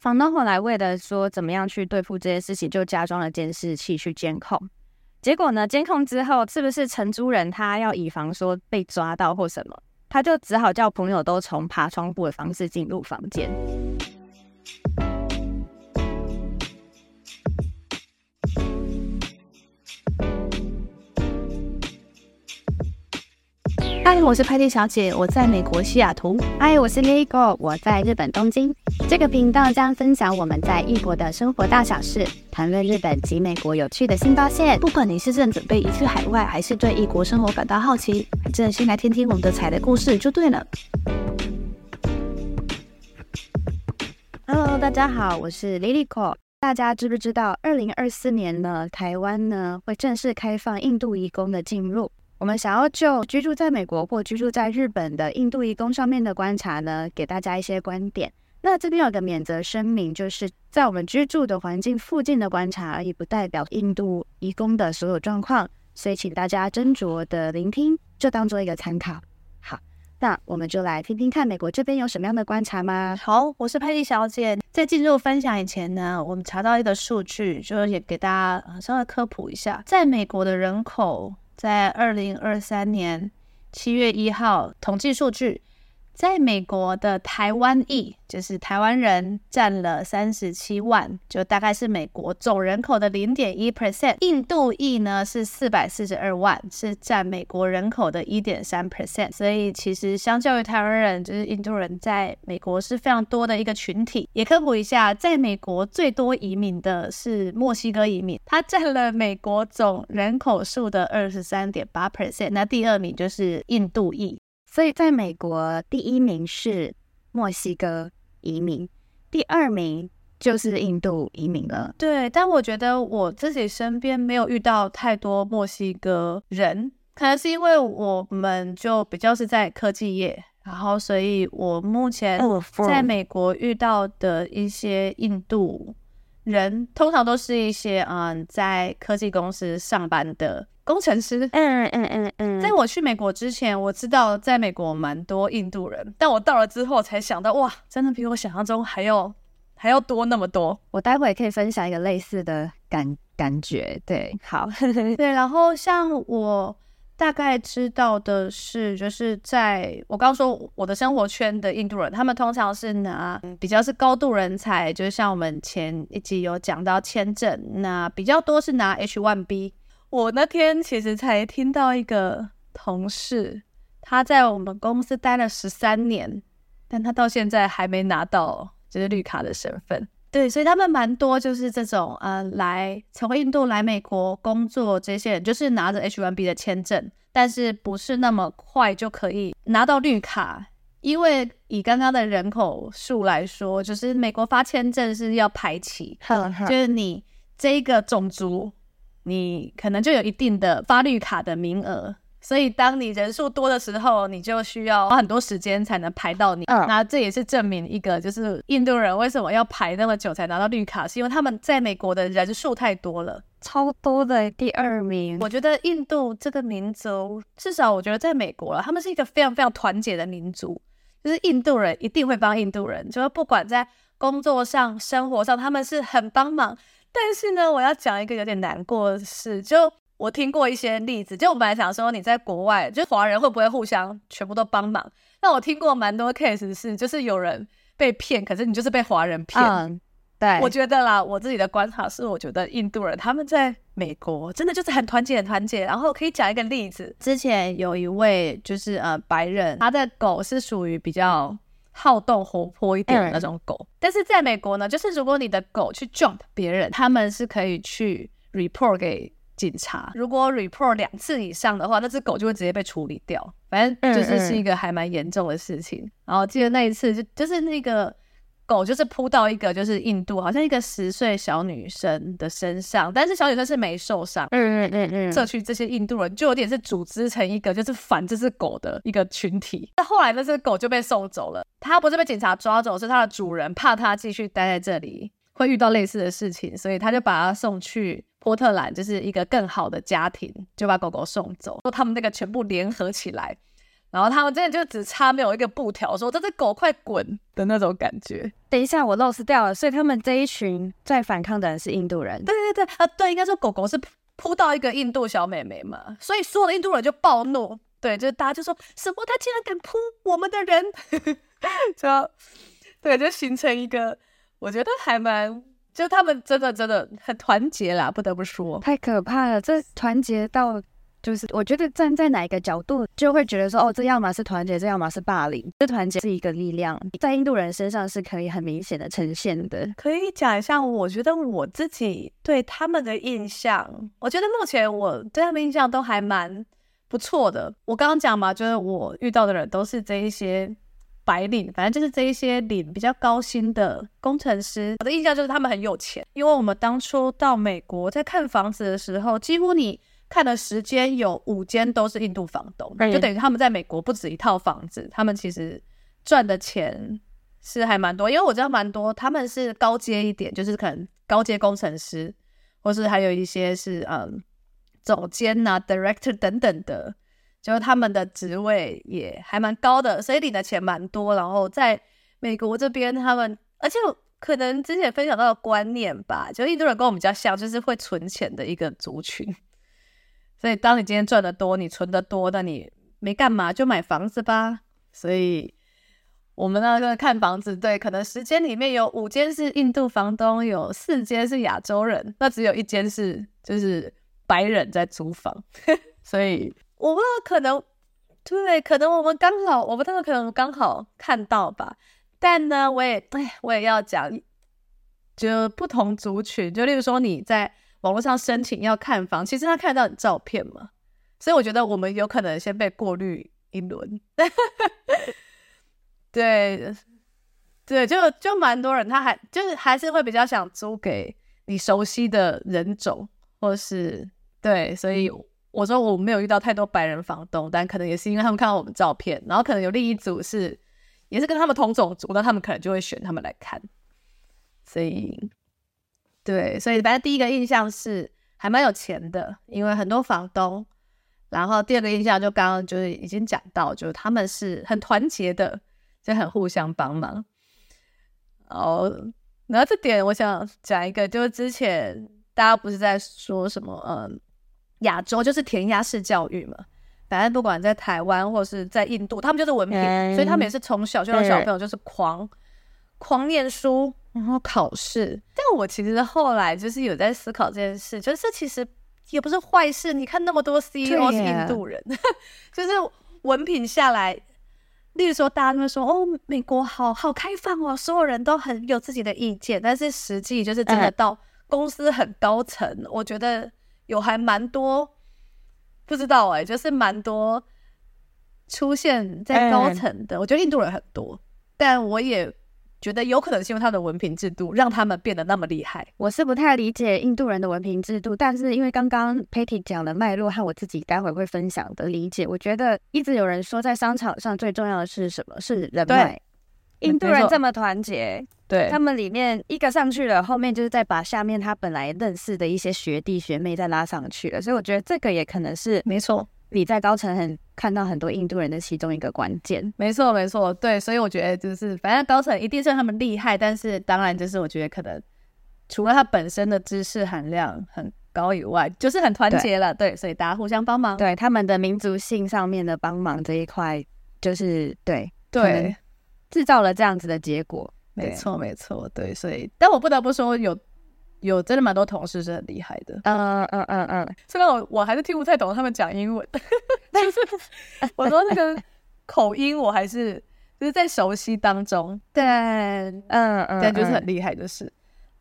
房東後來為了說怎麼樣去對付這些事情，就加裝了監視器去監控。結果呢，監控之後，是不是承租人他要以防說被抓到或什麼，他就只好叫朋友都從爬窗戶的方式進入房間。嗨，我是派蒂小姐，我在美國西雅圖。嗨，我是梨梨口，我在日本東京。這個頻道將分享我們在異國的生活大小事，談論日本及美國有趣的新發現。不管你是正準備移居海外，還是對異國生活感到好奇，正先來聽聽我們的踩雷故事就對了。Hello，大家好，我是梨梨口。大家知不知道，二零二四年呢，台灣呢會正式開放印度移工的進入？我們想要就居住在美國或居住在日本的印度移工上面的觀察呢，給大家一些觀點。那這邊有個免責聲明，就是在我們居住的環境附近的觀察而已，不代表印度移工的所有狀況，所以請大家斟酌的聆聽，就當做一個參考。好，那我們就來聽聽看美國這邊有什麼樣的觀察嗎？好，我是派蒂小姐，在進入分享以前呢，我們查到一個數據，就是也給大家稍微科普一下，在美國的人口在二零二三年七月一號統計數據。在美國的台灣裔就是台灣人，佔了三十七萬，就大概是美國總人口的零點一 percent。印度裔呢是四百四十二萬，是佔美國人口的一點三 percent。所以其實相較於台灣人，就是印度人在美國是非常多的一個群體。也科普一下，在美國最多移民的是墨西哥移民，它佔了美國總人口數的二十三點八 percent。那第二名就是印度裔。所以，在美國，第一名是墨西哥移民，第二名就是印度移民了。對，但我覺得我自己身邊沒有遇到太多墨西哥人，可能是因為我們就比較是在科技業，然後，所以我目前在美國遇到的一些印度人通常都是一些嗯，在科技公司上班的工程師。嗯嗯嗯嗯。在我去美國之前，我知道在美國蠻多印度人，但我到了之後才想到，哇，真的比我想象中還要還要多那麼多。我待會也可以分享一個類似的感感覺。對，好， 對，然後像我。大概知道的是，就是在我剛剛說我的生活圈的印度人，他們通常是拿比較是高度人才，就是像我們前一集有講到簽證，那比較多是拿 H1B。我那天其實才聽到一個同事，他在我們公司待了十三年，但他到現在還沒拿到就是綠卡的身份。對，所以他們蠻多，就是這種呃，來從印度來美國工作這些人，就是拿着 H1B 的簽證，但是不是那麼快就可以拿到綠卡，因為以剛剛的人口數來說，就是美國發簽證是要排期， 就是你這一個種族，你可能就有一定的發綠卡的名額。所以，當你人數多的時候，你就需要花很多時間才能排到你。嗯。那這也是證明一個，就是印度人為什麼要排那麼久才拿到綠卡，是因為他們在美國的人數太多了，超多的第二名。我覺得印度這個民族，至少我覺得在美國了，他們是一個非常非常團結的民族。就是印度人一定會幫印度人，就是不管在工作上、生活上，他們是很幫忙。但是呢，我要講一個有點難過的事，就。我聽過一些例子，就我本來想說，你在國外，就華人會不會互相全部都幫忙？那我聽過蠻多 case 是，就是有人被騙，可是你就是被華人騙。嗯、對。我覺得啦，我自己的觀察是，我覺得印度人他們在美國真的就是很團結，很團結。然後可以講一個例子，之前有一位就是呃白人，他的狗是屬於比較好動、活潑一點的那種狗，嗯、但是在美國呢，就是如果你的狗去撞別人，他們是可以去 report 給警察，如果 report 兩次以上的話，那隻狗就會直接被處理掉。反正就是是一個還蠻嚴重的事情。嗯嗯、然後記得那一次就就是那個狗就是撲到一個就是印度好像一個十歲小女生的身上，但是小女生是沒受傷。嗯嗯嗯嗯。嗯嗯，社區這些印度人就有點是組織成一個就是反這隻狗的一個群體。那後來那隻狗就被送走了。它不是被警察抓走，是它的主人怕它繼續待在這裡會遇到類似的事情，所以他就把它送去，波特蘭就是一個更好的家庭，就把狗狗送走。說他們那個全部聯合起來，然後他們真的就只差沒有一個布條，說：“這隻狗快滾的那種感覺。”等一下，我 lost 掉了。所以他們這一群在反抗的人是印度人。對對對，啊對，應該說狗狗是撲到一個印度小妹妹嘛，所以所有的印度人就暴怒。對，就是大家就說什麼他竟然敢撲我們的人， 就對，就形成一個，我覺得還蠻。就他們真的真的很團結啦，不得不說，太可怕了。這團結到，就是我覺得站在哪一個角度，就會覺得說，哦，這樣嘛是團結，這樣嘛是霸凌。這團結是一個力量，在印度人身上是可以很明顯的呈現的。可以講一下，我覺得我自己對他們的印象，我覺得目前我對他們印象都還蠻不錯的。我剛剛講嘛，就是我遇到的人都是這一些。白領，反正就是這一些領比較高薪的工程師，我的印象就是他們很有錢。因為我們當初到美國在看房子的時候，幾乎你看的十間有五間都是印度房東，Right. 就等於他們在美國不止一套房子，他們其實賺的錢是還蠻多。因為我知道蠻多他們是高階一點，就是可能高階工程師，或是還有一些是嗯總監啊、director 等等的。就他們的職位也還蠻高的，所以領的錢蠻多。然後在美國這邊，他們而且可能之前分享到的觀念吧，就印度人跟我們比較像，就是會存錢的一個族群。所以，當你今天賺得多，你存得多，那你沒幹嘛就買房子吧。所以，我們那個看房子，對，可能十間裡面有五間是印度房東，有四間是亞洲人，那只有一間是就是白人在租房。 所以。我不知道，可能對，可能我們剛好，我們大概可能剛好看到吧。但呢，我也哎，我也要講，就不同族群，就例如說你在網絡上申請要看房，其實他看得到你照片嘛，所以我覺得我們有可能先被過濾一輪。 對對，就就蠻多人，他還就是還是會比較想租給你熟悉的人種，或是對，所以。我說我沒有遇到太多白人房東，但可能也是因為他們看到我們照片，然後可能有另一組是也是跟他們同種族，那他們可能就會選他們來看。所以，對，所以反正第一個印象是還蠻有錢的，因為很多房東。然後第二個印象就剛剛就是已經講到，就是他們是很團結的，就很互相幫忙。哦，然後這點我想講一個，就是之前大家不是在說什麼，嗯。亞洲就是填鴨式教育嘛，反正不管在台灣或是在印度，他們就是文憑，嗯、所以他們也是從小就讓小朋友就是狂對狂念書，然後考試。但我其實後來就是有在思考這件事，就是這其實也不是壞事。你看那麼多 CEO 是印度人，呀 就是文憑下來，例如說大家都會說哦，美國好好開放哦，所有人都很有自己的意見，但是實際就是真的到公司很高層，嗯、我覺得。有還蠻多，不知道哎、欸，就是蠻多出現在高層的。嗯、我覺得印度人很多，但我也覺得有可能是因為他的文憑制度讓他們變得那麼厲害。我是不太理解印度人的文憑制度，但是因為剛剛 Patty 講的脈絡和我自己待會會分享的理解，我覺得一直有人說在商場上最重要的是什麼？是人脈。印度人這麼團結，對，他們裡面一個上去了，後面就是再把下面他本來認識的一些學弟學妹再拉上去了，所以我覺得這個也可能是沒錯。你在高層很看到很多印度人的其中一個關鍵，沒錯，沒錯，對，所以我覺得就是反正高層一定是他們厲害，但是當然就是我覺得可能除了他本身的知識含量很高以外，就是很團結了，對，對，所以大家互相幫忙，對他們的民族性上面的幫忙這一塊就是對對。對製造了這樣子的結果，沒錯錯，對沒錯，對，所以，但我不得不說有，有有真的蠻多同事是很厲害的，嗯嗯嗯嗯，雖然、嗯嗯嗯、我我還是聽不太懂他們講英文，但、 就是 我說那個口音我還是就是在熟悉當中，對，嗯嗯，對、嗯、就是很厲害的事、嗯嗯。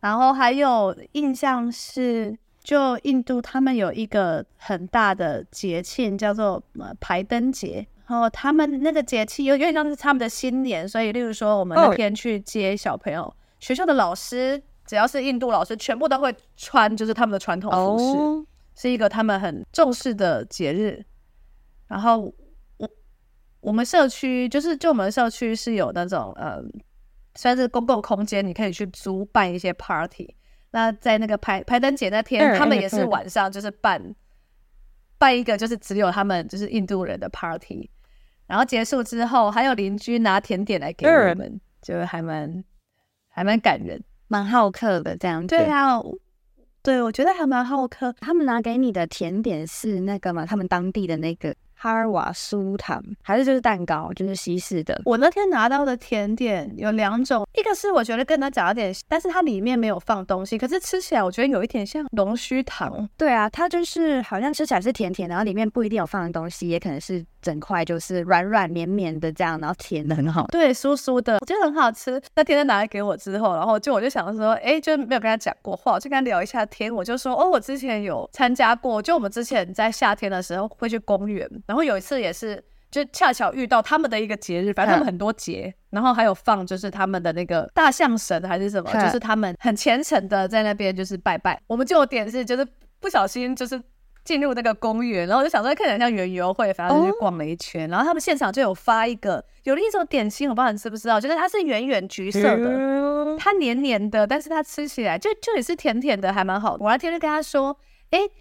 然後還有印象是。就印度，他們有一個很大的節慶，叫做呃排燈節，然後他們那個節慶有有點像是他們的新年，所以例如說我們那天去接小朋友，學校的老師只要是印度老師，全部都會穿就是他們的傳統服飾，是一個他們很重視的節日。然後我我們社區就是就我們社區是有那種呃算是公共空間，你可以去租辦一些 party。那在那個排排燈節那天，嗯、他們也是晚上就是辦，嗯嗯嗯、辦一個就是只有他們就是印度人的 party，然後結束之後還有鄰居拿甜點來給我們，嗯、就還蠻還蠻感人，蠻好客的這樣子。對啊，對，對，我覺得還蠻好客。他們拿給你的甜點是那個嗎？他們當地的那個。哈爾瓦酥糖，還是就是蛋糕，就是西式的。我那天拿到的甜點有兩種，一個是我覺得跟它長一點，但是它裡面沒有放東西，可是吃起來我覺得有一點像龍鬚糖。對啊，它就是好像吃起來是甜甜的，然後裡面不一定有放的東西，也可能是。整塊就是軟軟綿綿的這樣，然後甜的很好，對，酥酥的，我覺得很好吃。那天他拿來給我之後，然後就我就想說，哎、欸，就沒有跟他講過話，我就跟他聊一下天。我就說，哦，我之前有參加過，就我們之前在夏天的時候會去公園，然後有一次也是，就恰巧遇到他們的一個節日，反正他們很多節，嗯、然後還有放就是他們的那個大象神還是什麼，嗯、就是他們很虔誠的在那邊就是拜拜。我們就有點是就是不小心就是。進入那個公園，然後我就想說看起來像園遊會，反正就逛了一圈。哦、然後他們現場就有發一個有另一種點心，我不知道你知不知道，就是它是圓圓橘色的，它、呃、黏黏的，但是它吃起來就就也是甜甜的，還蠻好。我那天就跟他說，哎、欸。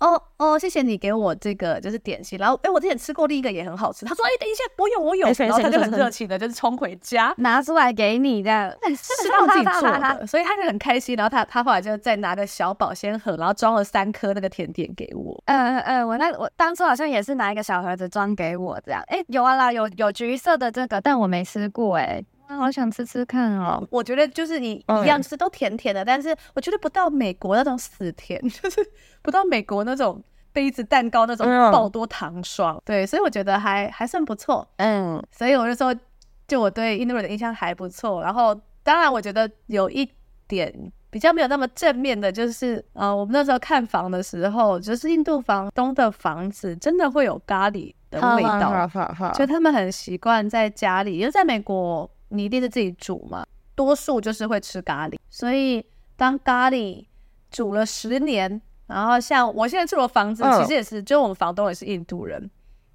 哦哦，oh, oh, 謝謝你給我這個就是點心，然後哎，我之前吃過另一個也很好吃。他說哎，等一下，我有我有，我有誒，然後他就很熱情的，就是衝回家拿出來給你這樣，是他自己做的， 所以他就很開心。然後他他後來就再拿個小保鮮盒，然後裝了三顆那個甜點給我。嗯嗯嗯，我那我當初好像也是拿一個小盒子裝給我這樣，哎有啊啦，有有橘色的這個，但我沒吃過哎、欸。好想吃吃看哦！我覺得就是你一樣吃都甜甜的，Okay. 但是我覺得不到美國那種死甜，就是不到美國那種杯子蛋糕那種爆多糖霜。Uh oh. 對，所以我覺得還還算不錯。嗯、uh，huh. 所以我就說，就我對印度人的印象還不錯。然後當然，我覺得有一點比較沒有那麼正面的，就是呃，我們那時候看房的時候，就是印度房東的房子真的會有咖喱的味道，好啊好好，啊，就他們很習慣在家裡，因為在美國。你一定是自己煮嘛，多數就是會吃咖喱，所以當咖喱煮了十年，然後像我現在住的房子，oh. 其實也是，就我們房東也是印度人，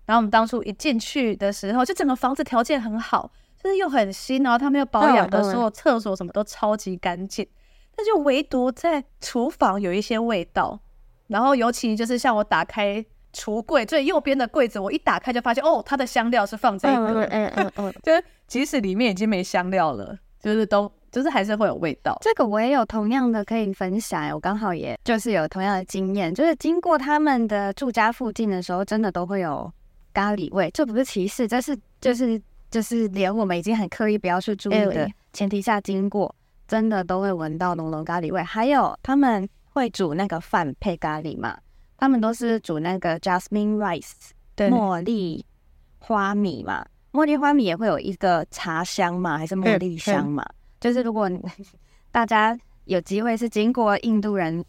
然後我們當初一進去的時候，就整個房子條件很好，就是又很新，然後他們又保養的時候，oh, right. 廁所什麼都超級乾淨，那就唯獨在廚房有一些味道，然後尤其就是像我打開。櫥櫃最右邊的櫃子，我一打開就發現，哦，它的香料是放這一個，嗯嗯嗯，就是即使裡面已經沒香料了，就是都，就是還是會有味道。這個我也有同樣的可以分享，我剛好也就是有同樣的經驗，就是經過他們的住家附近的時候，真的都會有咖喱味。這不是歧視，這是就是就是連我們已經很刻意不要去注意的前提下經過，真的都會聞到濃濃咖喱味。還有他們會煮那個飯配咖喱嘛？他們都是煮那個 Jasmine Rice，茉莉花米嘛，茉莉花米也會有一個茶香嘛，還是茉莉香嘛？就是如果大家有機會是經過印度人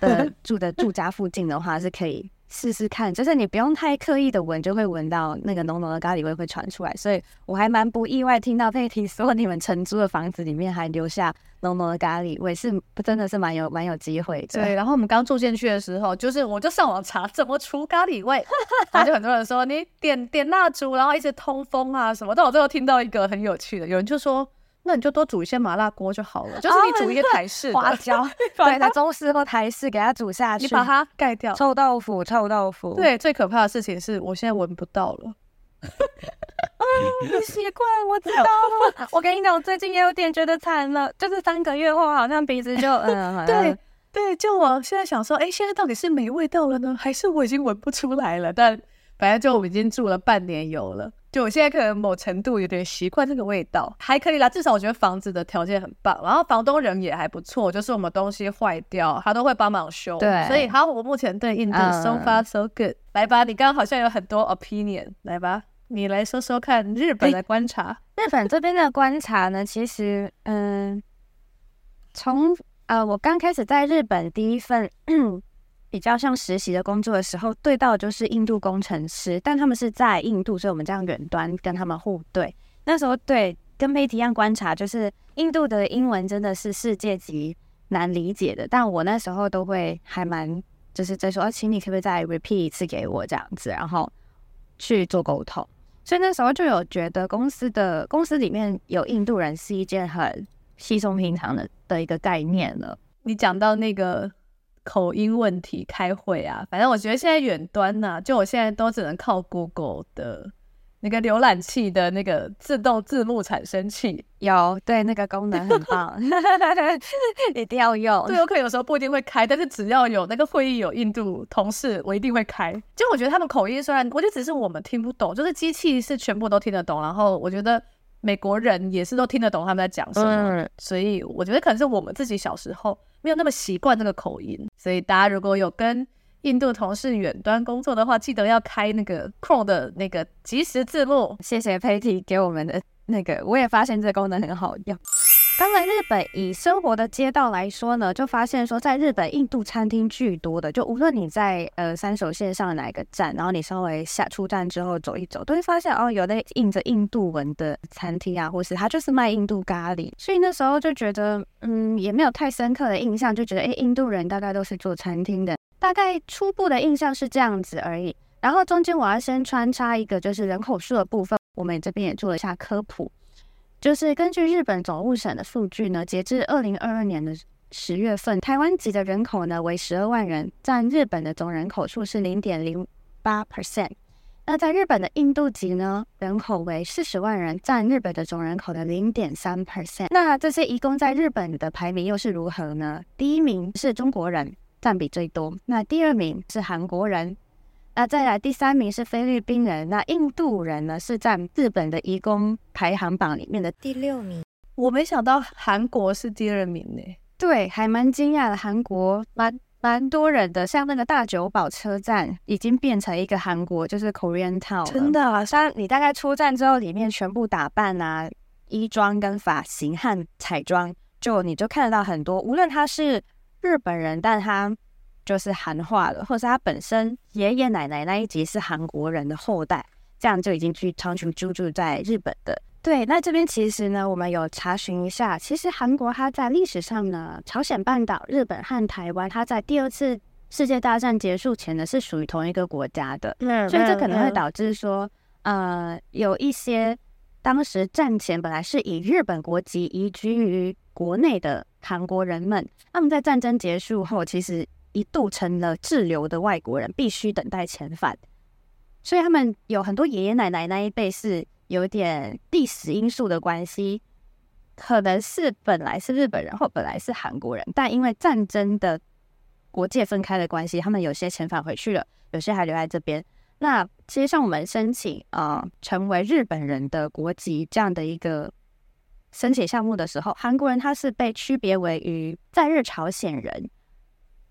的住的住家附近的話，是可以。試試看，就是你不用太刻意的聞，就會聞到那個濃濃的咖喱味會傳出來。所以我還蠻不意外，聽到派蒂說你們承租的房子裡面還留下濃濃的咖喱味，是真的是蠻有蠻有機會的。對，然後我們剛住進去的時候，就是我就上網查怎麼除咖喱味，然後就很多人說 你點點蠟燭，然後一直通風啊什麼。但我最後聽到一個很有趣的，有人就說，那你就多煮一些麻辣鍋就好了，哦、就是你煮一些台式、哦、花椒， 對，在中式或台式給它煮下去，你把它蓋掉。臭豆腐，臭豆腐。對，最可怕的事情是我現在聞不到了。不習慣，我知道了。 我跟你講，我最近也有點覺得慘了，就是三個月後，好像鼻子就嗯，嗯， 對對，就我現在想說，哎、欸，現在到底是沒味道了呢，還是我已經聞不出來了？但反正就我已經住了半年油了。就我現在可能某程度有點習慣這個味道，還可以啦。至少我覺得房子的條件很棒，然後房東人也還不錯。就是我們東西壞掉，他都會幫忙修。對，所以好，我目前對印度 so far, uh, so good。來吧，你剛剛好像有很多 opinion，來吧，你來說說看日本的觀察。日本這邊的觀察呢，其實嗯，從呃我剛開始在日本第一份。比較像實習的工作的時候，對到就是印度工程師，但他們是在印度，所以我們這樣遠端跟他們互對。那時候對，跟派蒂一樣觀察，就是印度的英文真的是世界級難理解的，但我那時候都會還蠻就是在說、啊，請你可不可以再 repeat 一次給我這樣子，然後去做溝通。所以那時候就有覺得公司的公司裡面有印度人是一件很稀鬆平常的的一個概念了。你講到那個。口音問題，開會啊，反正我覺得現在遠端呢、啊，就我現在都只能靠 Google 的那個瀏覽器的那個自動字幕產生器，有，對，那個功能很棒， 一定要用。對，我可能有時候不一定會開，但是只要有那個會議有印度同事，我一定會開。就我覺得他們口音雖然，我就只是我們聽不懂，就是機器是全部都聽得懂，然後我覺得美國人也是都聽得懂他們在講什麼，嗯嗯，所以我覺得可能是我們自己小時候。沒有那麼習慣那個口音，所以大家如果有跟印度同事遠端工作的話，記得要開那個 Chrome 的那個即時字幕。謝謝 Patty 給我們的那個，我也發現這個功能很好用。剛來日本，以生活的街道來說呢，就發現說，在日本印度餐廳巨多的，就無論你在呃山手線，上哪一個站，然後你稍微下出站之後走一走，都會發現哦，有那印着印度文的餐廳啊，或是它就是賣印度咖喱。所以那時候就覺得，嗯，也沒有太深刻的印象，就覺得哎，印度人大概都是做餐廳的，大概初步的印象是這樣子而已。然後中間我要先穿插一個就是人口數的部分，我們這邊也做了一下科普。就是根據日本總務省的數據呢，截至二零二二年的十月份，台灣籍的人口呢為十二萬人，占日本的總人口數是零點零八 percent。那在日本的印度籍呢，人口為四十萬人，占日本的總人口的零點三 percent。那這些移工在日本的排名又是如何呢？第一名是中國人，占比最多。那第二名是韓國人。那再來第三名是菲律賓人，那印度人呢？是在日本的移工排行榜裡面的第六名。我沒想到韓國是第二名呢。對，還蠻驚訝的。韓國蠻蠻多人的，像那個大久保車站已經變成一個韓國，就是 Korean Town。真的啊，像你大概出站之後，裡面全部打扮啊，衣裝跟髮型和彩妝，就你就看得到很多，無論他是日本人，但他。就是韓化的，或者是他本身爺爺奶奶那一級是韓國人的後代，這樣就已經去長住居住在日本的。對，那這邊其實呢，我們有查詢一下，其實韓國它在歷史上呢，朝鮮半島、日本和台灣，它在第二次世界大戰結束前呢是屬於同一個國家的，所以這可能會導致說，呃，有一些當時戰前本來是以日本國籍移居於國內的韓國人們，他們在戰爭結束後其實。一度成了滯留的外國人，必須等待遣返。所以他們有很多爺爺奶奶那一輩是有點歷史因素的關係，可能是本來是日本人或本來是韓國人，但因為戰爭的國界分開的關係，他們有些遣返回去了，有些還留在這邊。那接上我們申請啊、呃、成為日本人的國籍這樣的一個申請項目的時候，韓國人他是被區別為與在日朝鮮人。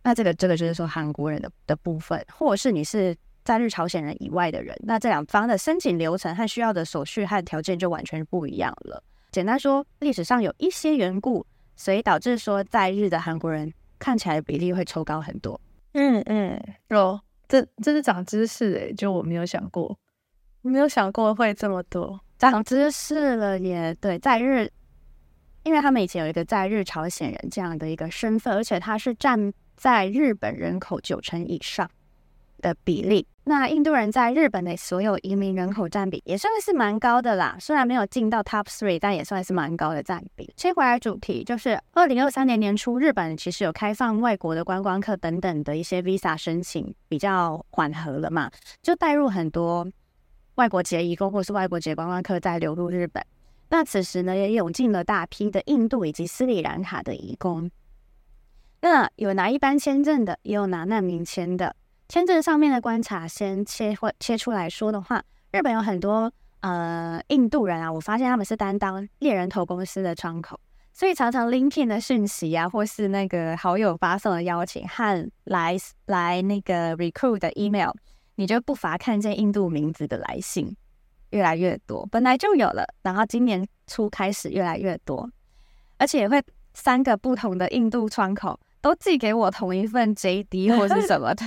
那這個這個就是說韓國人的的部分，或者是你是在日朝鮮人以外的人，那這兩方的申請流程和需要的手續和條件就完全不一樣了。簡單說，歷史上有一些緣故，所以導致說在日的韓國人看起來比例會抽高很多。嗯嗯，哦，這這是長知識誒，就我沒有想過，沒有想過會這麼多，長知識了耶。對，在日，因為他們以前有一個在日朝鮮人這樣的一個身份，而且他是佔。在日本人口九成以上的比例，那印度人在日本的所有移民人口佔比也算是蠻高的啦。雖然沒有進到 top three，但也算是蠻高的佔比。切回來主題，就是二零二三年年初，日本其實有開放外國的觀光客等等的一些 visa 申請比較緩和了嘛，就帶入很多外國籍的移工或是外國籍的觀光客在流入日本。那此時呢，也湧進了大批的印度以及斯里蘭卡的移工。那有拿一般簽證的，也有拿難民簽的。簽證上面的觀察，先切換切出來說的話，日本有很多呃印度人啊，我發現他們是擔當獵人頭公司的窗口，所以常常 LinkedIn 的訊息啊，或是那個好友發送的邀請和來來那個 recruit 的 email，你就不乏看見印度名字的來信越來越多。本來就有了，然後今年初開始越來越多，而且也會三個不同的印度窗口，都寄給我同一份 JD 或者什麼的，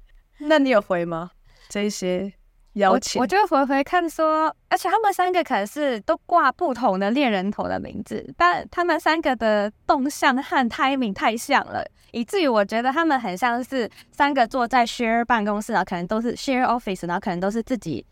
那你有回嗎？這些邀請我，我就回回看說，而且他們三個可是都掛不同的獵人頭的名字，但他們三個的動向和 timing 太像了，以至於我覺得他們很像是三個坐在 share 辦公室呢，然後可能都是 share office，然後可能都是自己。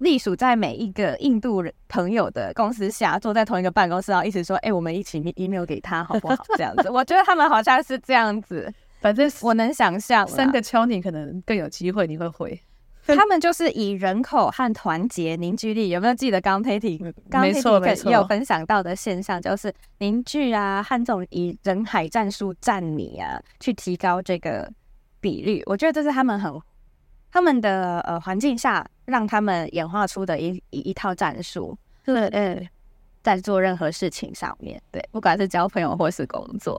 隸屬在每一個印度人朋友的公司下，坐在同一個辦公室然後一直說，哎、欸，我們一起 email 給他好不好？ 這樣子，我覺得他們好像是這樣子。反正我能想象，三個 Tony 可能更有機會你會回。他們就是以人口和團結凝聚力。有沒有記得剛剛 Patty？沒錯沒錯，有分享到的現象就是凝聚啊，錯和這種以人海戰術占你啊，去提高這個比率。我覺得這是他們很他們的呃環境下。讓他們演化出的一一一套戰術，嗯、對，嗯，在做任何事情上面對，不管是交朋友或是工作。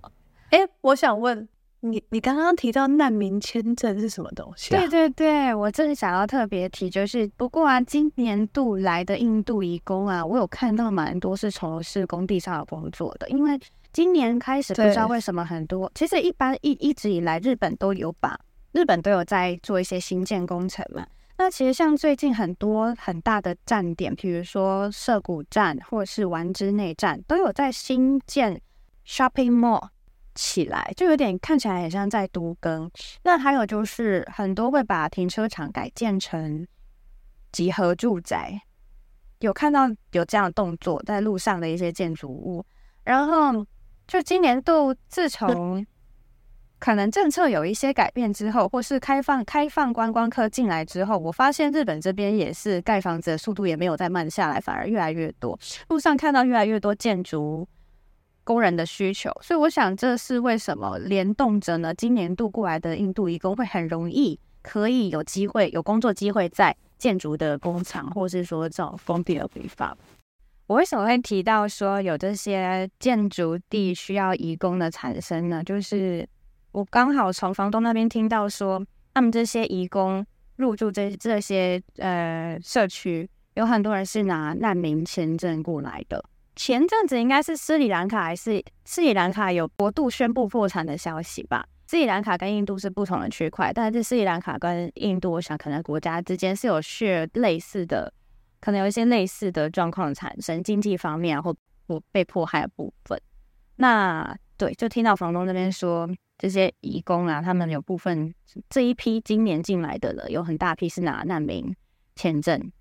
哎、欸，我想問你,你剛剛提到難民簽證是什麼東西、啊？對對對，我正想要特別提，就是不過啊，今年度來的印度移工啊，我有看到蠻多是從事工地上的工作的，因為今年開始不知道為什麼很多，對其實一般一一直以來日本都有把日本都有在做一些新建工程嘛。那其實像最近很多很大的站點，譬如說涉谷站，或者是丸之內站，都有在新建 shopping mall 起來，就有點看起來很像在都更。那還有就是很多會把停車場改建成集合住宅，有看到有這樣的動作在路上的一些建築物。然後就今年度自從、嗯可能政策有一些改變之後，或是開放開放觀光客進來之後，我發現日本這邊也是蓋房子的速度也沒有再慢下來，反而越來越多，路上看到越來越多建築工人的需求，所以我想這是為什麼聯動着呢？今年度過來的印度移工會很容易可以有機會有工作機會在建築的工廠，或是說這種工地的地方。我為什麼會提到說有這些建築地需要移工的產生呢？就是。我剛好從房東那邊聽到說，他們這些移工入住這這些呃社區，有很多人是拿難民簽證過來的。前陣子應該是斯里蘭卡，還是斯里蘭卡有國度宣布破產的消息吧？斯里蘭卡跟印度是不同的區塊，但是斯里蘭卡跟印度，我想可能國家之間是有些類似的，可能有一些類似的狀況產生，經濟方面，然後或被迫害的部分。那對，就聽到房東那邊說。這些移工啊，他們有部分這一批今年進來的了，有很大批是拿難民簽證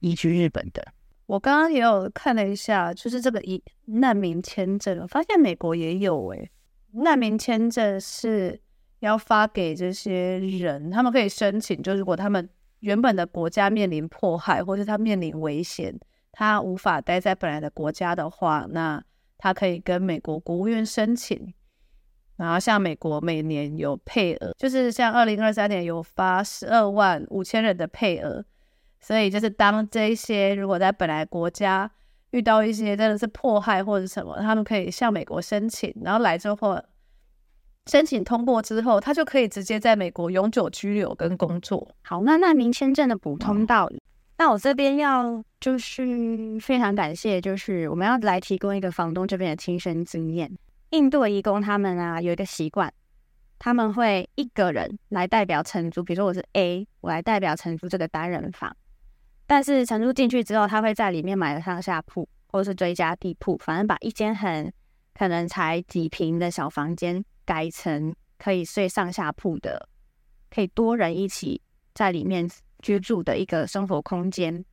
移居日本的。我剛剛也有看了一下，就是這個移難民簽證，我發現美國也有哎、欸。難民簽證是要發給這些人，他們可以申請，就如果他們原本的國家面臨迫害，或是他面臨危險，他無法待在本來的國家的話，那他可以跟美國國務院申請。然後像美國每年有配額，就是像二零二三年有發十二萬五千人的配額，所以就是當這些如果在本來國家遇到一些真的是迫害或者什麼，他們可以向美國申請，然後來之後申請通過之後，他就可以直接在美國永久居留跟工作。嗯、好，那那難民簽證的補通道理，哇那我這邊要就是非常感謝，就是我們要來提供一個房東這邊的親身經驗。印度的移工他們啊有一個習慣，他們會一個人來代表承租，比如說我是 A，我來代表承租這個單人房。但是承租進去之後，他會在裡面買了上下鋪或是追加地鋪，反正把一間很可能才幾平的小房間改成可以睡上下鋪的，可以多人一起在裡面居住的一個生活空間。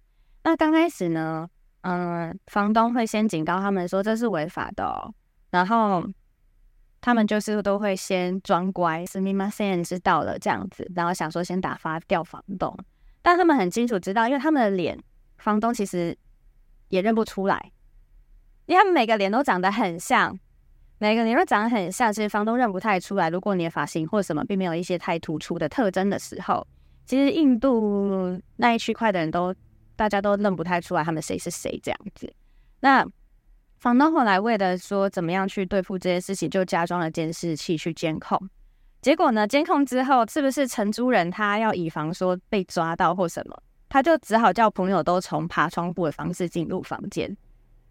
那剛開始呢，嗯，呃，房東會先警告他們說這是違法的哦。然後他們就是都會先裝乖，是媽媽先知道了這樣子，然後想說先打發掉房東，但他們很清楚知道，因為他們的臉，房東其實也認不出來，因為他們每個臉都長得很像，每個臉都長得很像，其實房東認不太出來。如果你的髮型或什麼，並沒有一些太突出的特徵的時候，其實印度那一區塊的人都大家都認不太出來他們誰是誰這樣子，那。房東後來為了說怎麼樣去對付這些事情，就加裝了監視器去監控。結果呢，監控之後，是不是承租人他要以防說被抓到或什麼，他就只好叫朋友都從爬窗戶的方式進入房間。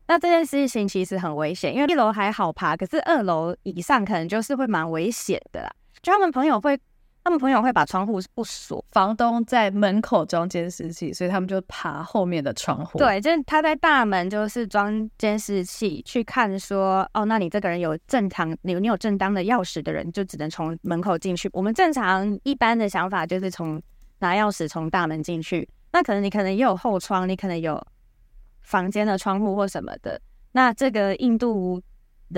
那這件事情其實很危險，因為一樓還好爬，可是二樓以上可能就是會蠻危險的啦。就他們朋友會。他們朋友會把窗戶不鎖，房東在門口裝監視器，所以他們就爬後面的窗戶。對，就是他在大門就是裝監視器去看說，哦，那你這個人有正常，你你有正當的鑰匙的人，就只能從門口進去。我們正常一般的想法就是從拿鑰匙從大門進去，那可能你可能也有後窗，你可能有房間的窗戶或什麼的。那這個印度。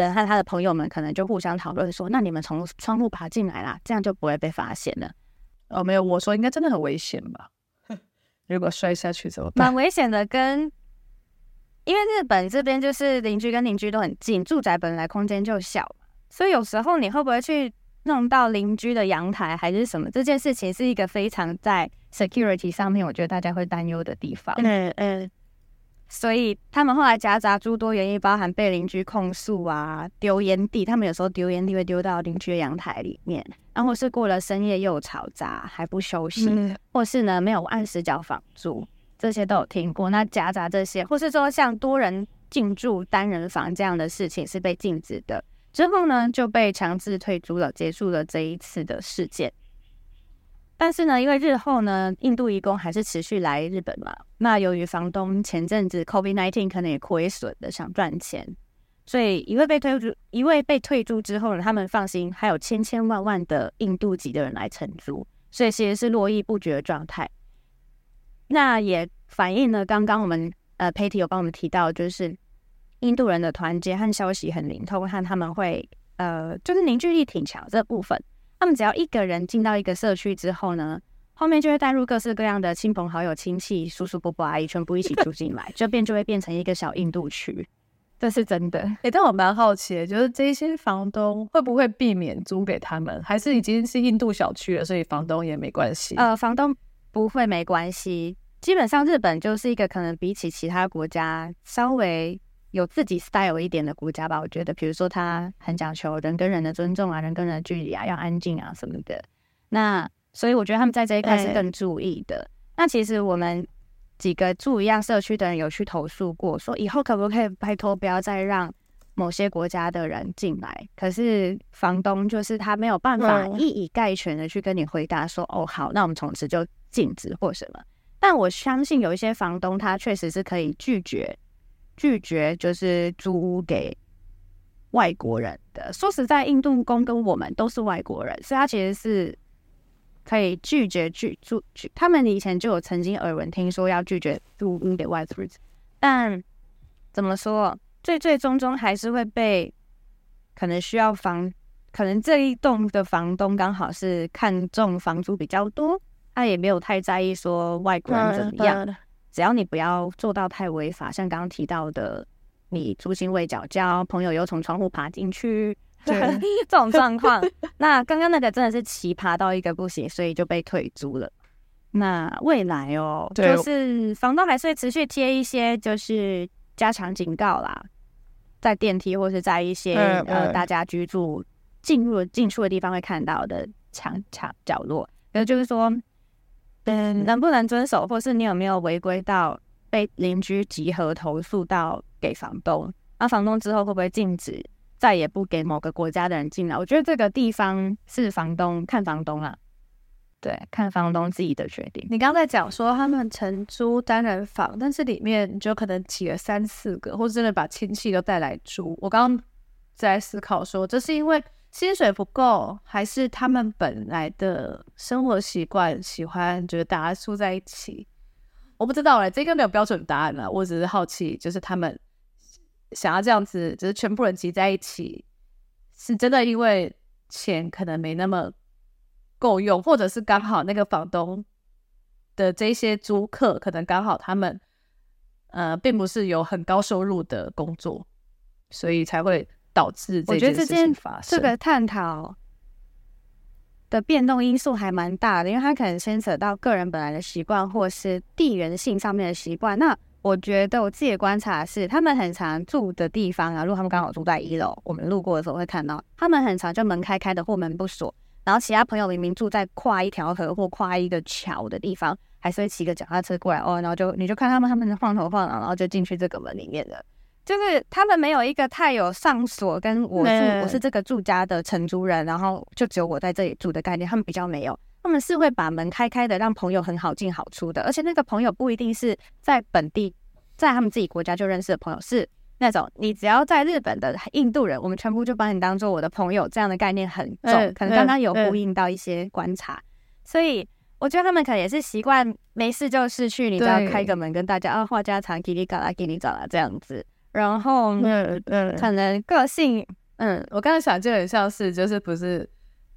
人和他的朋友們可能就互相討論說：“那你們從窗戶爬進來啦，這樣就不會被發現了。”哦，沒有，我說應該真的很危險吧？ 如果摔下去怎麼辦？蠻危險的跟，跟因為日本這邊就是鄰居跟鄰居都很近，住宅本來空間就小，所以有時候你會不會去弄到鄰居的陽台還是什麼？這件事情是一個非常在 security 上面，我覺得大家會擔憂的地方。嗯嗯。嗯所以他們後來夾雜諸多原因，包含被鄰居控訴啊，丟煙蒂，他們有時候丟煙蒂會丟到鄰居的陽台裡面，然、啊、後是過了深夜又吵雜還不休息，嗯、或是呢沒有按時繳房租，這些都有聽過。那夾雜這些，或是說像多人進住單人房這樣的事情是被禁止的，之後呢就被強制退租了，結束了這一次的事件。但是呢，因為日後呢，印度移工還是持續來日本嘛。那由於房東前陣子 COVID-19 可能也虧損了，想賺錢，所以一位被退租，一位被退租之後呢，他們放心，還有千千萬萬的印度籍的人來承租，所以其實是絡繹不絕的狀態。那也反映了剛剛我們呃，Patty 有幫我們提到，就是印度人的團結和消息很靈通，和他們會呃，就是凝聚力挺強這個部分。他們只要一個人進到一個社區之後呢，後面就會帶入各式各樣的親朋好友、親戚、叔叔伯伯、阿姨，全部一起住進來， 這邊就會變成一個小印度區，這是真的。哎、欸，但我蠻好奇的，就是這些房東會不會避免租給他們，還是已經是印度小區了，所以房東也沒關係？呃，房東不會沒關係。基本上日本就是一個可能比起其他國家稍微，有自己 style 一點的國家吧，我覺得，比如說他很講求人跟人的尊重啊，人跟人的距離啊，要安靜啊什麼的。那所以我覺得他們在這一塊是更注意的。 那其實我們幾個住一樣社區的人有去投訴過，說以後可不可以拜托不要再讓某些國家的人進來？可是房東就是他沒有辦法一以概全的去跟你回答說，嗯、哦，好，那我們從此就禁止或什麼。但我相信有一些房東他確實是可以拒絕。拒絕就是租屋給外國人的。說實在，印度工跟我們都是外國人，所以他其實是可以拒絕去住去，他們以前就有曾經耳聞聽說要拒絕租屋給外國人，但怎麼說，最最終終還是會被可能需要房，可能這一棟的房東剛好是看中房租比較多，他也沒有太在意說外國人怎麼樣。Bad, bad. 只要你不要做到太違法，像剛剛提到的，你租金未繳交，朋友又從窗戶爬進去，對這種狀況， 那剛剛那個真的是奇葩到一個不行，所以就被退租了。那未來哦，對就是房東還是會持續貼一些就是加強警告啦，在電梯或者是在一些、嗯嗯、呃大家居住進入進出的地方會看到的牆牆角落，嗯、也就是說。能不能遵守，或是你有沒有違規到被鄰居集合投訴到給房東？那、啊、房東之後會不會禁止再也不給某個國家的人進來？我覺得這個地方是房東看房東啦、啊，對，看房東自己的決定。你剛剛在講說他們承租單人房，但是裡面就可能擠了三四個，或者真的把親戚都帶來住。我剛剛在思考說，這是因為。薪水不夠，還是他們本來的生活習慣喜歡，就是大家住在一起？我不知道嘞，這個沒有標準答案啊！我只是好奇，就是他們想要這樣子，就是全部人擠在一起，是真的因為錢可能沒那麼夠用，或者是剛好那個房東的這些租客，可能剛好他們呃，並不是有很高收入的工作，所以才會。導致我覺得這件這個探討的變動因素還蠻大的，是因為它可能牽扯到個人本來的習慣，或是地緣性上面的習慣。那我覺得我自己的觀察是，他們很常住的地方啊，如果他們剛好住在一樓，我們路過的時候會看到，他們很常就門開開的，或門不鎖。然後其他朋友明明住在跨一條河或跨一個橋的地方，還是會騎個腳踏車過來哦，然後就你就看他們，他們晃頭晃腦，然後就進去這個門裡面的。就是他們沒有一個太有上鎖，跟我住，我是這個住家的承租人，然後就只有我在這裡住的概念，他們比較沒有，他們是會把門開開的，讓朋友很好進好出的，而且那個朋友不一定是在本地，在他們自己國家就認識的朋友，是那種你只要在日本的印度人，我們全部就把你當做我的朋友，這樣的概念很重，欸、可能剛剛有呼應到一些觀察，欸欸、所以我覺得他們可能也是習慣沒事就是去，你只要開個門跟大家對啊話家常，嘰里呱啦嘰里呱啦這樣子。然後，可能個性，嗯，我剛才想就很像是，就是不是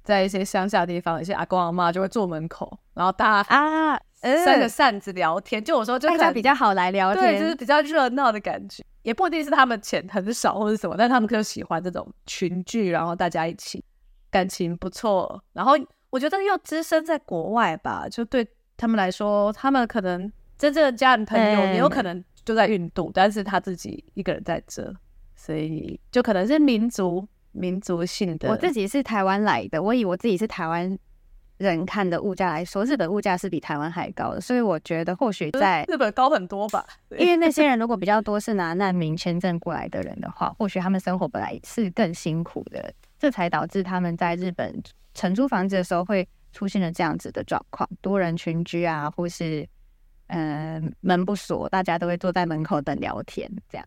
在一些鄉下的地方，一些阿公阿媽就會坐門口，然後大家啊扇着扇子聊天，就我說就大家比較好來聊天，就是比較熱鬧的感覺，也不一定是他們錢很少或者什麼，但他們就喜歡這種群聚，然後大家一起感情不錯。然後我覺得又只身在國外吧，就對他們來說，他們可能真正的家人朋友也有可能、哎。哎哎就在印度，但是他自己一個人在這，所以就可能是民族民族性的。我自己是台灣來的，我以我自己是台灣人看的物價來說，日本物價是比台灣還高的，所以我覺得或許在日本高很多吧。因為那些人如果比較多是拿難民簽證過來的人的話， 或許他們生活本來是更辛苦的，這才導致他們在日本承租房子的時候會出現了這樣子的狀況，多人群居啊，或是。呃，門不鎖，大家都會坐在門口等聊天，這樣。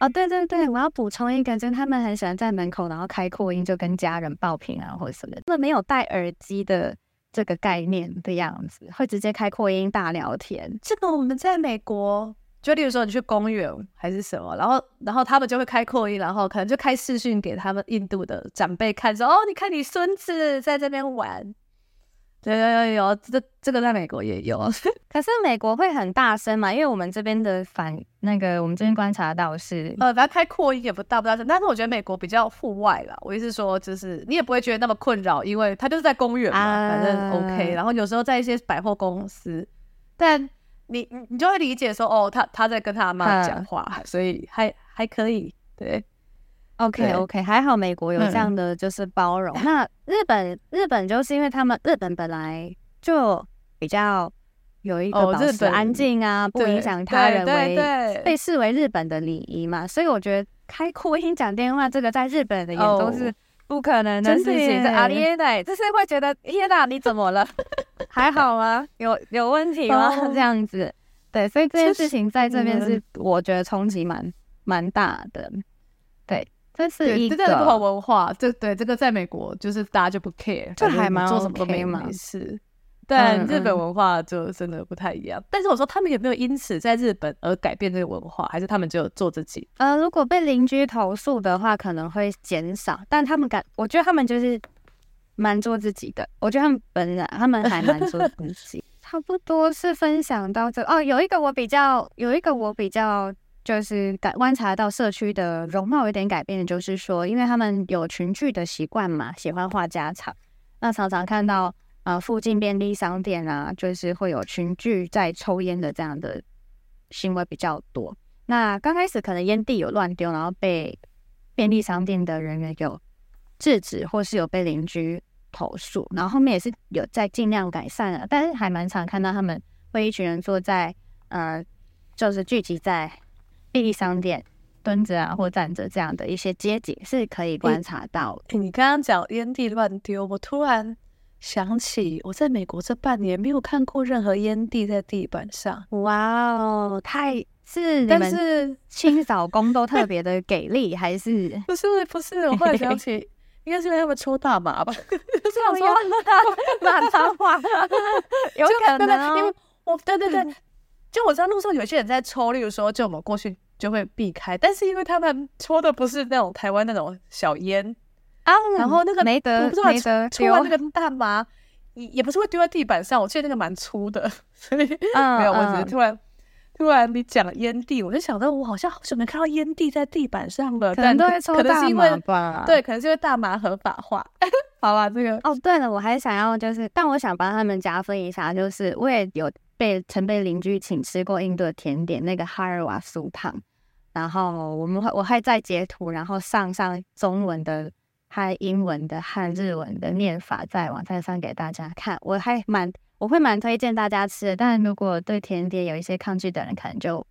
哦，對對對，我要補充一個，就是、他們很喜歡在門口，然後開擴音，就跟家人報平安、啊、或者什麼的。他們沒有戴耳機的這個概念的樣子，會直接開擴音大聊天。這個我們在美國，就例如說你去公園還是什麼，然後然後他們就會開擴音，然後可能就開視訊給他們印度的長輩看，說哦，你看你孫子在這邊玩。有有有有，這這個在美國也有， 可是美國會很大聲嘛？因為我們這邊的反那個，我們這邊觀察到是、嗯，呃，反正開擴音也不大不大聲，但是我覺得美國比較戶外啦，我意思說就是你也不會覺得那麼困擾，因為他就是在公園嘛，啊、反正 OK。然後有時候在一些百貨公司，但你你你就會理解說，哦，他他在跟他媽講話，嗯、所以還還可以，對。OK OK，對還好美國有這樣的就是包容。嗯、那日本日本就是因為他們日本本來就比較有一個保持安靜啊，哦、不影響他人為對對對被視為日本的禮儀嘛，所以我覺得開擴音講電話這個在日本的眼中、哦、是不可能的事情。阿就是會覺得，天哪，你怎麼了？還好嗎？有有問題嗎？哦、這樣子對，所以這件事情在這邊是我覺得衝擊蠻蠻大的。這是一個。對，這文化，這對這個在美國就是大家就不 care，就還蠻做什麼都沒沒事。嗯、但日本文化就真的不太一樣。嗯、但是我說他們有沒有因此在日本而改變這個文化，還是他們就做自己？呃，如果被鄰居投訴的話，可能會減少。但他們感，我覺得他們就是蠻做自己的。我覺得他們本來他們還蠻做自己的， 差不多是分享到這。哦，有一個我比較，有一個我比較。就是感觀察到社區的容貌有點改變，就是說，因為他們有群聚的習慣嘛，喜歡話家常，那常常看到呃附近便利商店啊，就是會有群聚在抽菸的這樣的行為比較多。那剛開始可能菸蒂有亂丟，然後被便利商店的人員有制止，或是有被鄰居投訴，然後後面也是有在儘量改善了啊，但是還蠻常看到他們會一群人坐在呃，就是聚集在。便利商店蹲着啊，或站着這樣的一些街景是可以觀察到的、欸。你剛剛講菸蒂亂丟，我突然想起我在美國這半年沒有看過任何菸蒂在地板上。哇哦，太是但是清掃工都特別的給力，還是，是不是不是？我會想起，應該是因為他們抽大麻吧？不是抽大麻，那麻花， 有可能，可能，因為我對對對。嗯就我知道路上有些人在抽，例如說，就我們過去就會避開。但是因為他們抽的不是那種台灣那種小煙啊，嗯、然後那個沒得，我不知道得抽完那個大麻也留也不是會丟在地板上。我記得那個蠻粗的，所以、嗯、沒有。我只是突然、嗯、突然你講煙蒂，我就想到我好像好久沒看到煙蒂在地板上了，可能都在抽大麻吧？對，可能是因為大麻合法化。 好吧、啊，這個哦，對了，我還想要就是，但我想幫他們加分一下，就是我也有。被曾被鄰居請吃過印度的甜點，那個哈爾瓦酥糖，然後我們會我還在截圖，然後上上中文的、和英文的、和日文的念法在網站上給大家看。我還蠻我會蠻推薦大家吃的，但如果對甜點有一些抗拒的人，可能就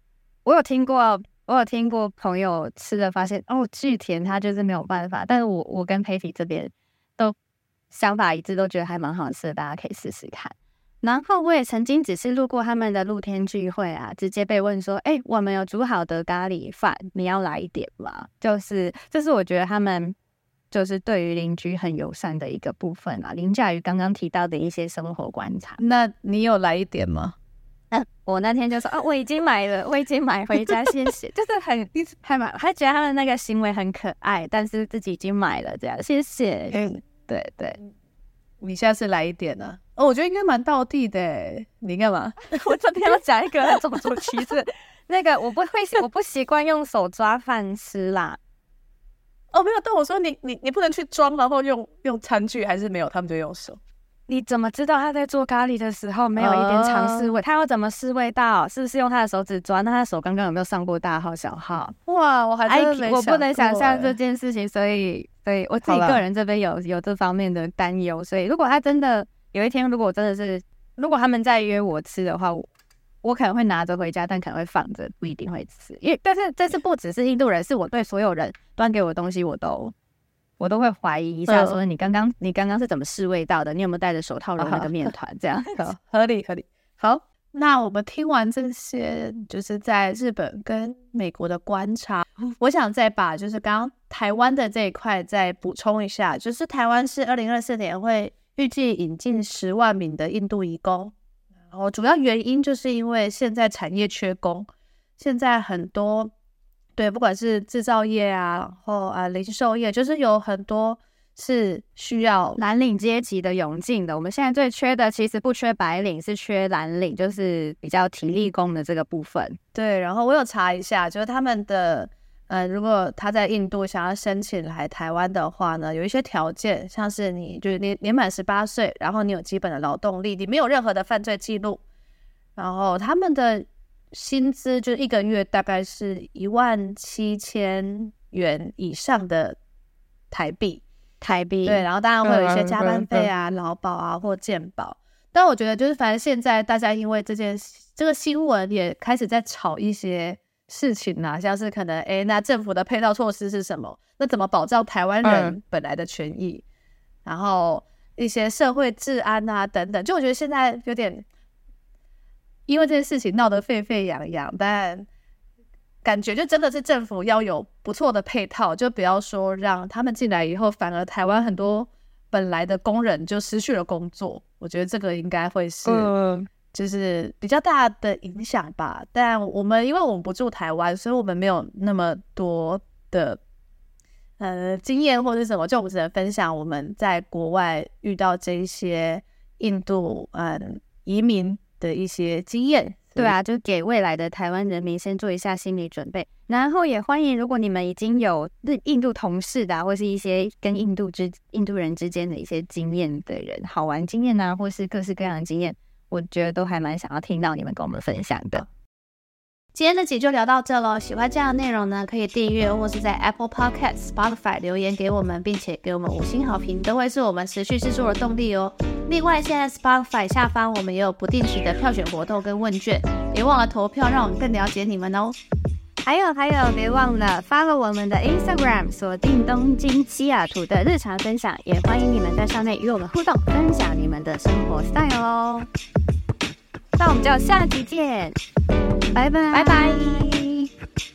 我有聽過，我有聽過朋友吃的，發現哦巨甜，他就是沒有辦法。但是我我跟派蒂這邊都想法一致，都覺得還蠻好吃的，大家可以試試看。然後我也曾經只是路過他們的露天聚會啊，直接被問說：“哎，我們有煮好的咖喱飯，你要來一點嗎？”就是這、就是我覺得他們就是對於鄰居很友善的一個部分啊。凌駕於剛剛提到的一些生活觀察。那你有來一點嗎？嗯， 我那天就說：“啊、哦，我已經買了，我已經買回家， 謝謝。”就是很是還蠻，還覺得他們那個行為很可愛，但是自己已經買了這樣，謝謝。嗯、欸，對對，嗯、你下次來一點呢、啊。哦，我覺得應該蠻道地的。你幹嘛？我這邊要講一個種族歧視，那個我不會，我不習慣用手抓飯吃啦。哦，沒有，但我說你你你不能去裝，然後用用餐具，還是沒有，他們就用手。你怎麼知道他在做咖喱的時候沒有一點嘗試味？哦、他要怎麼試味道？是不是用他的手指抓？那他的手剛剛有沒有上過大號小號？哇，我還是我不能想象這件事情，所以所以我自己個人這邊有了有這方面的擔憂，所以如果他真的。有一天，如果真的是，如果他們在約我吃的話，我，我可能會拿着回家，但可能會放着，不一定會吃。因為，但是，但是不只是印度人，是我對所有人端給我的東西，我都我都會懷疑一下，說你剛剛你剛剛是怎麼試味道的？你有沒有戴着手套揉那個麵糰？好這樣合理好好合理。好，那我們聽完這些，就是在日本跟美國的觀察， 我想再把就是剛剛台灣的這一塊再補充一下，就是台灣是二零二四年會。預計引進十萬名的印度移工，然後主要原因就是因為現在產業缺工，現在很多對不管是製造業啊，然後啊零售業，就是有很多是需要藍領階級的湧進的。我們現在最缺的其實不缺白領，是缺藍領，就是比較體力工的這個部分。對，然後我有查一下，就是他們的。呃，如果他在印度想要申請來台灣的話呢，有一些條件，像是你就是年年滿十八歲，然後你有基本的勞動力，你沒有任何的犯罪記錄，然後他們的薪資就是一個月大概是一萬七千元以上的台幣，台幣。對，然後當然會有一些加班費啊、嗯嗯嗯、勞保啊或健保，但我覺得就是反正現在大家因為這件這個新聞也開始在炒一些。事情呢、啊，像是可能哎、欸，那政府的配套措施是什麼？那怎麼保障台灣人本來的權益？嗯、然後一些社會治安啊等等，就我覺得現在有點因為這件事情鬧得沸沸揚揚，但感覺就真的是政府要有不錯的配套，就不要說讓他們進來以後，反而台灣很多本來的工人就失去了工作。我覺得這個應該會是、嗯。就是比較大的影響吧，但我們因為我們不住台灣，所以我們沒有那麼多的呃經驗或者什麼，就我們只能分享我們在國外遇到這一些印度嗯、呃、移民的一些經驗。對啊，就給未來的台灣人民先做一下心理準備，然後也歡迎如果你們已經有印印度同事的、啊，或是一些跟印度之、嗯、印度人之間的一些經驗的人，好玩經驗啊，或是各式各樣的經驗。我覺得都還蠻想要聽到你們跟我們分享的。今天的集就聊到這嘍，喜歡這樣的內容呢，可以訂閱或是在 Apple Podcasts、Spotify 留言給我們，並且給我們五星好評，都會是我們持續制作的動力哦。另外，現在 Spotify 下方我們也有不定期的票選活動跟問卷，別忘了投票，讓我們更了解你們哦。還有還有，別忘了 follow 我們的 Instagram 鎖定東京西雅圖的日常分享，也歡迎你們在上面與我們互動，分享你們的生活 style 嘍！那我們就下集見，拜拜拜拜。